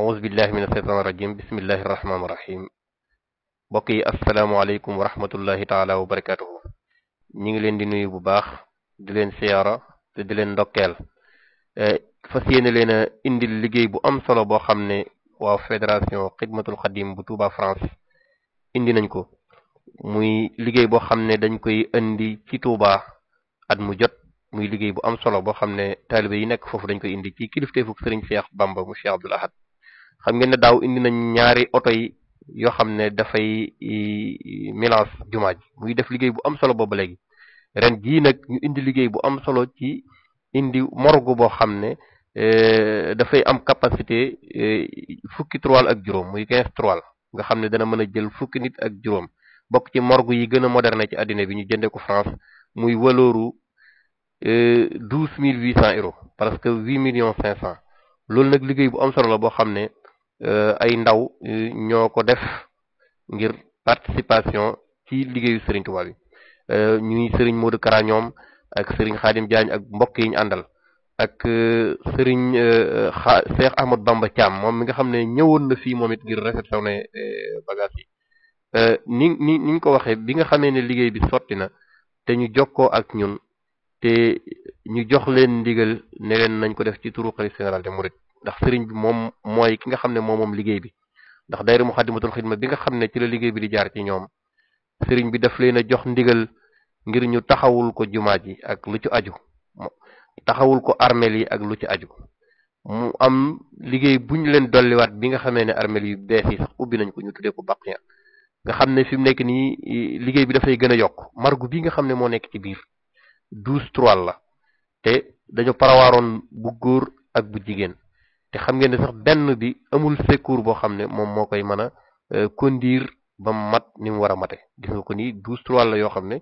awuzu billahi min asheytaan irajim bismillahi irrahmaan irrahim mbokk yi asalaamualeykum wa rahmatullahi taala wa barakatuhu ñi ngi leen di nuyu bu baax di leen siyaara te leen ndokkeel e, fas yéene leen a indi liggéey bu am solo boo xam ne waa fédération xidmatul xadim bu Touba France indi nañ ko muy liggéey boo xam ne dañ koy indi ci Touba at mu jot muy liggéey bu am solo boo xam ne taalibe yi nekk foofu dañ koy indi ci kilifteefu Serigne Cheikh Bamba mu Cheikh Abdoul Ahad xam ngeen ne daaw indi nañ ñaari oto yi yoo xam ne dafay milance jumaa ji muy def liggéey bu am solo ba léegi ren jii nag ñu indi liggéey bu am solo ci indi morgue boo xam ne e, dafay am capacité e, fuki trois ak juróom muy quinze trois nga xam ne dana mën a jël fukki nit ak juróom bokk ci morgue yi gën a moderne ci àddina bi ñu jënde ko France muy walooru e, douze mille huit cent euros parce que huit millions cinq cent loolu nag liggéey bu am solo la boo xam ne Eh, ay ndaw eh, ñoo ko def ngir participation ci liggéeyu Serigne Touba bi eh, ñuy Serigne Modou Kara ñoom ak Serigne Khadim Diagne ak mbokk yi ñu àndal ak Serigne xa Cheikh Ahmad Bamba Thiam moom mi nga xam ne ñëwoon na fii moom it ngir réceptionné bagage yi ni ni ni ko waxee bi nga xamee ne liggéey bi sotti na te ñu jokkoo ak ñun te ñu jox leen ndigal ne leen nañ ko def ci turu xalif général de Mouride ndax sëriñ bi moom mooy ki nga xam ne moom moom liggéey bi ndax dayra Muxaddamatul Xidma bi nga xam ne ci la liggéey bi di jaar ci ñoom sëriñ bi daf leen a jox ndigal ngir ñu taxawul ko jumaat ji ak lu ci aju taxawul ko armel yi ak lu ci aju mu am liggéey bu ñu leen dolliwaat bi nga xamee ne armel yu bees yi sax ubbi nañ ko ñu tuddee ko baqiya nga xam ne fi mu nekk nii liggéey bi dafay gën a yokk margo bi nga xam ne moo nekk ci biir douze trois la te dañu parawaaroon bu góor ak bu jigéen te xam ngeen ne sax benn bi amul secours boo xam ne moom moo koy mën a euh, conduire ba mat ni mu war a mate gis ko ni douze trois la yoo xam ne